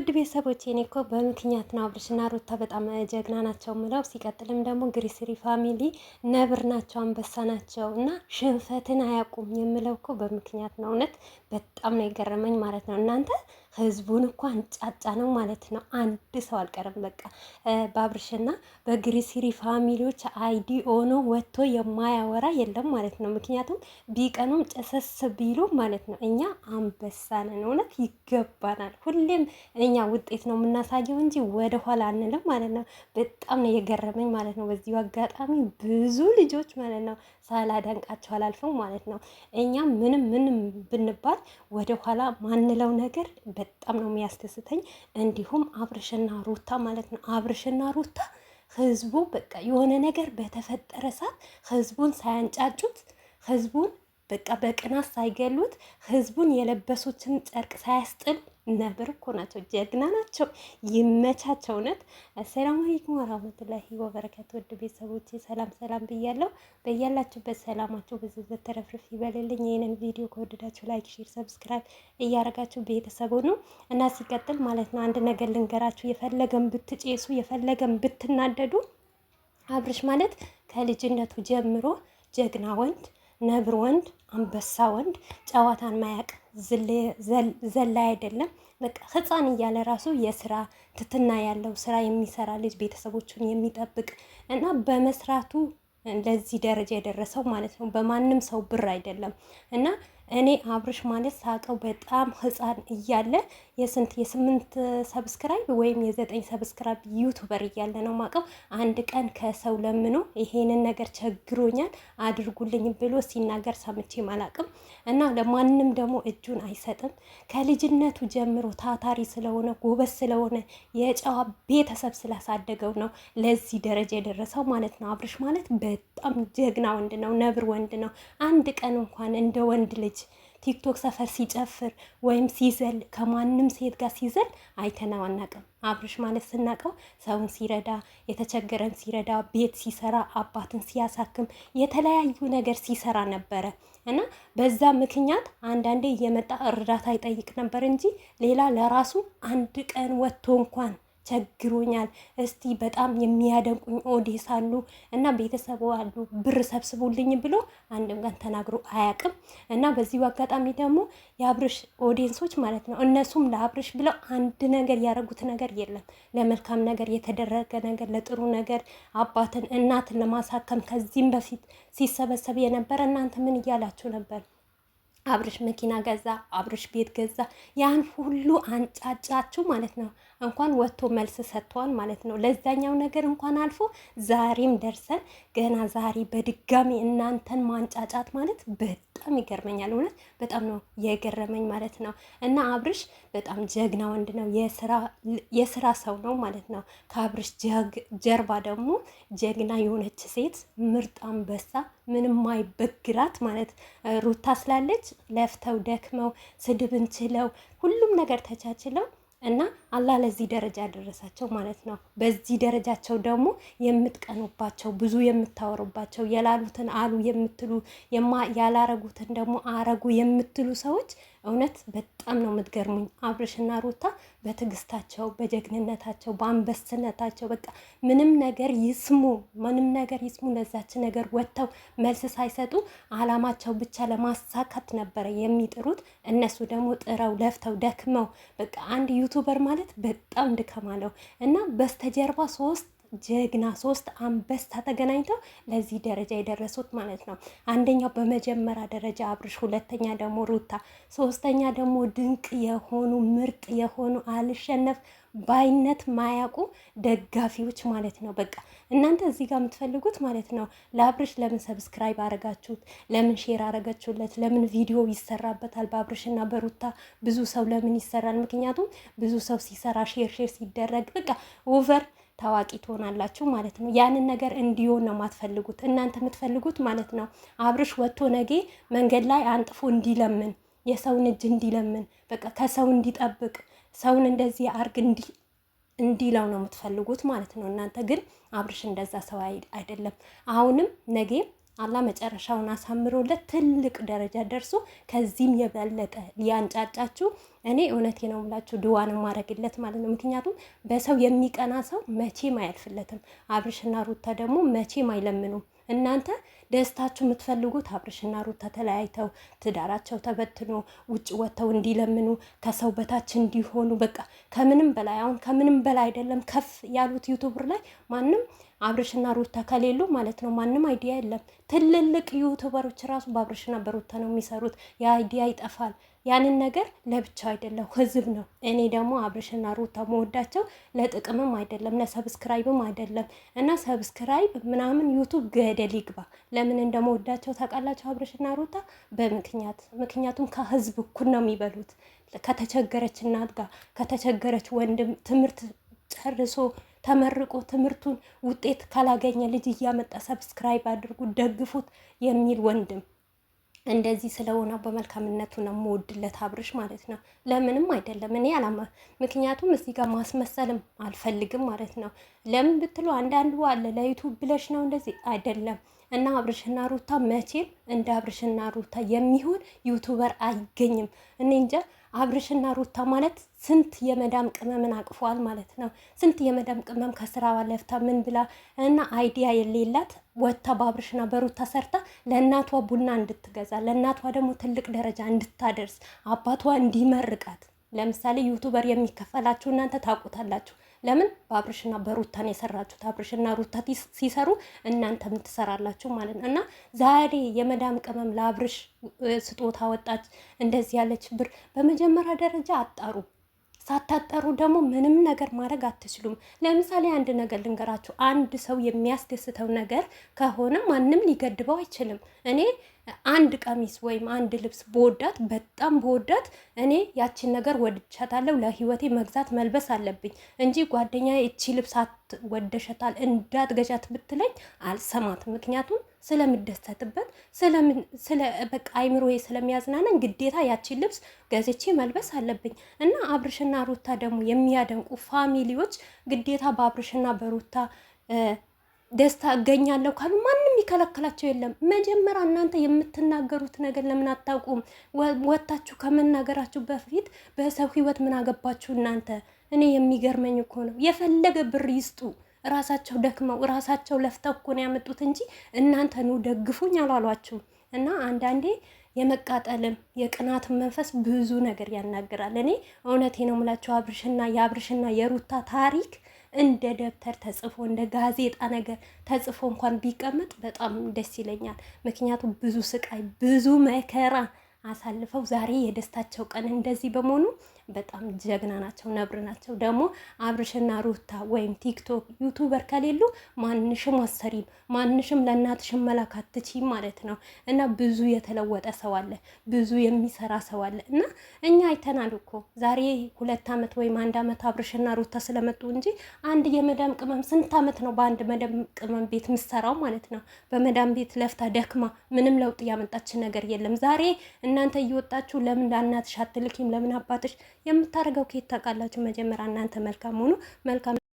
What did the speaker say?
ውድ ቤተሰቦች እኔ እኮ በምክንያት ነው አብርሽና ሩታ በጣም ጀግና ናቸው ምለው። ሲቀጥልም ደግሞ ግሪስሪ ፋሚሊ ነብር ናቸው፣ አንበሳ ናቸው እና ሽንፈትን አያውቁም የምለው እኮ በምክንያት ነው። እውነት በጣም ነው የገረመኝ ማለት ነው እናንተ ህዝቡን እኮ አንጫጫ ነው ማለት ነው። አንድ ሰው አልቀረም። በቃ በአብርሽና በግሪሲሪ ፋሚሊዎች አይዲ ሆኖ ወጥቶ የማያወራ የለም ማለት ነው። ምክንያቱም ቢቀኑም ጨሰስ ቢሉ ማለት ነው እኛ አንበሳ ነን። እውነት ይገባናል። ሁሌም እኛ ውጤት ነው የምናሳየው እንጂ ወደኋላ አንልም ማለት ነው። በጣም ነው የገረመኝ ማለት ነው። በዚሁ አጋጣሚ ብዙ ልጆች ማለት ነው ሳላደንቃቸው አላልፈው ማለት ነው። እኛ ምንም ምንም ብንባል ወደኋላ ማንለው ነገር በጣም ነው የሚያስደስተኝ። እንዲሁም አብርሽና ሩታ ማለት ነው አብርሽና ሩታ ህዝቡ በቃ የሆነ ነገር በተፈጠረ ሰዓት ህዝቡን ሳያንጫጩት ህዝቡን በቃ በቅናት ሳይገሉት ህዝቡን የለበሱትን ጨርቅ ሳያስጥሉ ነብር እኮ ናቸው። ጀግና ናቸው። ይመቻቸው። እውነት አሰላሙ አለይኩም ወራህመቱላሂ ወበረካቱ። ውድ ቤተሰቦች ሰላም ሰላም ብያለሁ። በያላችሁበት ሰላማችሁ ብዙ ተረፍርፍ ይበልልኝ። ይህንን ቪዲዮ ከወደዳችሁ ላይክ፣ ሼር፣ ሰብስክራይብ እያደረጋችሁ ቤተሰቡ ነው እና ሲቀጥል ማለት ነው አንድ ነገር ልንገራችሁ። የፈለገን ብትጨሱ፣ የፈለገን ብትናደዱ አብርሽ ማለት ከልጅነቱ ጀምሮ ጀግና ወንድ ነብር ወንድ፣ አንበሳ ወንድ፣ ጨዋታን ማያቅ ዘላ አይደለም በቃ ህፃን እያለ ራሱ የስራ ትትና ያለው ስራ የሚሰራ ልጅ ቤተሰቦቹን የሚጠብቅ እና በመስራቱ ለዚህ ደረጃ የደረሰው ማለት ነው። በማንም ሰው ብር አይደለም እና እኔ አብርሽ ማለት ሳቀው በጣም ህፃን እያለ የስንት የስምንት ሰብስክራይብ ወይም የዘጠኝ ሰብስክራይብ ዩቱበር እያለ ነው ማቀው። አንድ ቀን ከሰው ለምኖ ይሄንን ነገር ቸግሮኛል አድርጉልኝ ብሎ ሲናገር ሰምቼ አላቅም። እና ለማንም ደግሞ እጁን አይሰጥም። ከልጅነቱ ጀምሮ ታታሪ ስለሆነ ጎበዝ ስለሆነ የጨዋ ቤተሰብ ስላሳደገው ነው ለዚህ ደረጃ የደረሰው ማለት ነው። አብርሽ ማለት በጣም ጀግና ወንድ ነው፣ ነብር ወንድ ነው። አንድ ቀን እንኳን እንደ ወንድ ልጅ ቲክቶክ ሰፈር ሲጨፍር ወይም ሲዘል ከማንም ሴት ጋር ሲዘል አይተነው አናውቅም። አብርሽ ማለት ስናውቀው ሰውን ሲረዳ፣ የተቸገረን ሲረዳ፣ ቤት ሲሰራ፣ አባትን ሲያሳክም፣ የተለያዩ ነገር ሲሰራ ነበረ እና በዛ ምክንያት አንዳንዴ እየመጣ እርዳታ ይጠይቅ ነበር እንጂ ሌላ ለራሱ አንድ ቀን ወጥቶ እንኳን ቸግሮኛል። እስቲ በጣም የሚያደንቁኝ ኦዲስ አሉ እና ቤተሰቡ አሉ ብር ሰብስቡልኝ ብሎ አንድም ቀን ተናግሮ አያውቅም። እና በዚሁ አጋጣሚ ደግሞ የአብርሽ ኦዲየንሶች ማለት ነው እነሱም ለአብርሽ ብለው አንድ ነገር ያደረጉት ነገር የለም። ለመልካም ነገር የተደረገ ነገር፣ ለጥሩ ነገር አባትን እናትን ለማሳከም ከዚህም በፊት ሲሰበሰብ የነበረ እናንተ ምን እያላችሁ ነበር? አብርሽ መኪና ገዛ፣ አብርሽ ቤት ገዛ። ያን ሁሉ አንጫጫችሁ ማለት ነው። እንኳን ወጥቶ መልስ ሰጥተዋል ማለት ነው። ለዛኛው ነገር እንኳን አልፎ ዛሬም ደርሰን ገና ዛሬ በድጋሚ እናንተን ማንጫጫት ማለት በጣም ይገርመኛል። እውነት በጣም ነው የገረመኝ ማለት ነው። እና አብርሽ በጣም ጀግና ወንድ ነው፣ የስራ ሰው ነው ማለት ነው። ከአብርሽ ጀርባ ደግሞ ጀግና የሆነች ሴት ምርጥ አንበሳ ምንም ማይበግራት ማለት ሩታ ስላለች ለፍተው ደክመው ስድብን ችለው ሁሉም ነገር ተቻችለው እና አላህ ለዚህ ደረጃ ያደረሳቸው ማለት ነው። በዚህ ደረጃቸው ደግሞ የምትቀኑባቸው ብዙ የምታወሩባቸው የላሉትን አሉ የምትሉ ያላረጉትን ደግሞ አረጉ የምትሉ ሰዎች እውነት በጣም ነው የምትገርሙኝ። አብርሽና ሩታ በትዕግስታቸው፣ በጀግንነታቸው፣ በአንበስነታቸው በቃ ምንም ነገር ይስሙ ምንም ነገር ይስሙ ለዛች ነገር ወጥተው መልስ ሳይሰጡ አላማቸው ብቻ ለማሳካት ነበረ የሚጥሩት። እነሱ ደግሞ ጥረው ለፍተው ደክመው በቃ አንድ ዩቱበር ማለት በጣም ድካም አለው እና በስተጀርባ ሶስት ጀግና ሶስት አንበሳ ተገናኝተው ለዚህ ደረጃ የደረሱት ማለት ነው። አንደኛው በመጀመሪያ ደረጃ አብርሽ፣ ሁለተኛ ደግሞ ሩታ፣ ሶስተኛ ደግሞ ድንቅ የሆኑ ምርጥ የሆኑ አልሸነፍ ባይነት ማያውቁ ደጋፊዎች ማለት ነው። በቃ እናንተ እዚህ ጋር የምትፈልጉት ማለት ነው ለአብርሽ ለምን ሰብስክራይብ አረጋችሁት? ለምን ሼር አረጋችሁለት? ለምን ቪዲዮ ይሰራበታል? በአብርሽና በሩታ ብዙ ሰው ለምን ይሰራል? ምክንያቱም ብዙ ሰው ሲሰራ ሼር ሼር ሲደረግ በቃ ኦቨር ታዋቂ ትሆናላችሁ ማለት ነው። ያንን ነገር እንዲሆን ነው የማትፈልጉት እናንተ የምትፈልጉት ማለት ነው። አብርሽ ወጥቶ ነገ መንገድ ላይ አንጥፎ እንዲለምን፣ የሰውን እጅ እንዲለምን፣ በቃ ከሰው እንዲጠብቅ፣ ሰውን እንደዚህ አርግ እንዲ እንዲለው ነው የምትፈልጉት ማለት ነው። እናንተ ግን አብርሽ እንደዛ ሰው አይደለም። አሁንም ነገ አላህ መጨረሻውን አሳምሮለት ትልቅ ደረጃ ደርሶ ከዚህም የበለጠ ሊያንጫጫችሁ እኔ እውነቴ ነው የምላችሁ ድዋን ማድረግለት ማለት ነው። ምክንያቱም በሰው የሚቀና ሰው መቼም አያልፍለትም። አብርሽና ሩታ ደግሞ መቼም አይለምኑም። እናንተ ደስታችሁ የምትፈልጉት አብርሽና ሩታ ተለያይተው ትዳራቸው ተበትኖ ውጭ ወጥተው እንዲለምኑ ከሰው በታች እንዲሆኑ በቃ ከምንም በላይ አሁን ከምንም በላይ አይደለም ከፍ ያሉት ዩቱብር ላይ ማንም አብርሽና ሩታ ከሌሉ ማለት ነው ማንም አይዲያ የለም። ትልልቅ ዩቱበሮች ራሱ በአብርሽና በሩታ ነው የሚሰሩት። የአይዲያ ይጠፋል። ያንን ነገር ለብቻ አይደለም ህዝብ ነው። እኔ ደግሞ አብርሽና ሩታ መወዳቸው ለጥቅምም አይደለም ለሰብስክራይብም አይደለም እና ሰብስክራይብ ምናምን ዩቱብ ገደል ይግባ። ለምን እንደመወዳቸው ታውቃላቸው አብርሽና ሩታ በምክንያት ምክንያቱም ከህዝብ እኩል ነው የሚበሉት። ከተቸገረች እናት ጋር ከተቸገረች ወንድም ትምህርት ጨርሶ ተመርቆ ትምህርቱን ውጤት ካላገኘ ልጅ እያመጣ ሰብስክራይብ አድርጉ ደግፉት የሚል ወንድም እንደዚህ ስለሆነ በመልካምነቱ ነው የምወድለት አብርሽ ማለት ነው። ለምንም አይደለም እኔ አላማ ምክንያቱም እዚህ ጋር ማስመሰልም አልፈልግም ማለት ነው። ለምን ብትሉ አንዳንዱ አለ ለዩቱብ ብለሽ ነው እንደዚህ አይደለም እና አብርሽና ሩታ መቼም እንደ አብርሽና ሩታ የሚሆን ዩቱበር አይገኝም። እኔ እንጃ አብርሽና ሩታ ማለት ስንት የመዳም ቅመምን አቅፏል ማለት ነው። ስንት የመዳም ቅመም ከስራ ባለፍታ ምን ብላ እና አይዲያ የሌላት ወታ በአብርሽና በሩታ ሰርታ ለእናቷ ቡና እንድትገዛ ለእናቷ ደግሞ ትልቅ ደረጃ እንድታደርስ አባቷ እንዲመርቃት ለምሳሌ ዩቱበር የሚከፈላችሁ እናንተ ታውቁታላችሁ። ለምን በአብርሽና በሩታን የሰራችሁት አብርሽና ሩታ ሲሰሩ እናንተም ትሰራላችሁ ማለት ነው። እና ዛሬ የመዳም ቅመም ለአብርሽ ስጦታ ወጣች፣ እንደዚህ ያለች ብር። በመጀመሪያ ደረጃ አጣሩ። ሳታጠሩ ደግሞ ምንም ነገር ማድረግ አትችሉም። ለምሳሌ አንድ ነገር ልንገራችሁ። አንድ ሰው የሚያስደስተው ነገር ከሆነ ማንም ሊገድበው አይችልም። እኔ አንድ ቀሚስ ወይም አንድ ልብስ በወዳት በጣም በወዳት እኔ ያችን ነገር ወድቻታለሁ፣ ለህይወቴ መግዛት መልበስ አለብኝ እንጂ ጓደኛ እቺ ልብስ ወደሸታል እንዳትገዣት ብትለኝ አልሰማት። ምክንያቱም ስለምደሰትበት ስለ በቃ አይምሮ ስለሚያዝናነኝ ግዴታ ያችን ልብስ ገዝቼ መልበስ አለብኝ እና አብርሽና ሩታ ደግሞ የሚያደንቁ ፋሚሊዎች ግዴታ በአብርሽና በሩታ ደስታ እገኛለሁ ካሉ ማንም የሚከለክላቸው የለም። መጀመሪያ እናንተ የምትናገሩት ነገር ለምን አታውቁም? ወታችሁ ከመናገራችሁ በፊት በሰው ህይወት ምን አገባችሁ እናንተ? እኔ የሚገርመኝ እኮ ነው። የፈለገ ብር ይስጡ ራሳቸው ደክመው ራሳቸው ለፍተው እኮ ነው ያመጡት እንጂ እናንተ ኑ ደግፉኝ አላሏችሁም። እና አንዳንዴ የመቃጠልም የቅናትን መንፈስ ብዙ ነገር ያናግራል። እኔ እውነቴ ነው የምላቸው አብርሽና የአብርሽና የሩታ ታሪክ እንደ ደብተር ተጽፎ እንደ ጋዜጣ ነገር ተጽፎ እንኳን ቢቀመጥ በጣም ደስ ይለኛል። ምክንያቱም ብዙ ስቃይ፣ ብዙ መከራ አሳልፈው ዛሬ የደስታቸው ቀን እንደዚህ በመሆኑ በጣም ጀግና ናቸው፣ ነብር ናቸው። ደግሞ አብርሽና ሩታ ወይም ቲክቶክ ዩቱበር ከሌሉ ማንሽም አሰሪም ማንሽም ለእናትሽም መላክ አትችይም ማለት ነው። እና ብዙ የተለወጠ ሰው አለ፣ ብዙ የሚሰራ ሰው አለ። እና እኛ አይተናል እኮ ዛሬ ሁለት ዓመት ወይም አንድ ዓመት አብርሽና ሩታ ስለመጡ እንጂ አንድ የመዳም ቅመም ስንት ዓመት ነው በአንድ መዳም ቅመም ቤት ምሰራው ማለት ነው። በመዳም ቤት ለፍታ ደክማ ምንም ለውጥ ያመጣች ነገር የለም ዛሬ እናንተ እየወጣችሁ ለምን ለእናትሽ አትልኪም? ለምን አባትሽ የምታደርገው ኬት ታውቃላችሁ? መጀመሪያ እናንተ መልካም ሆኑ መልካም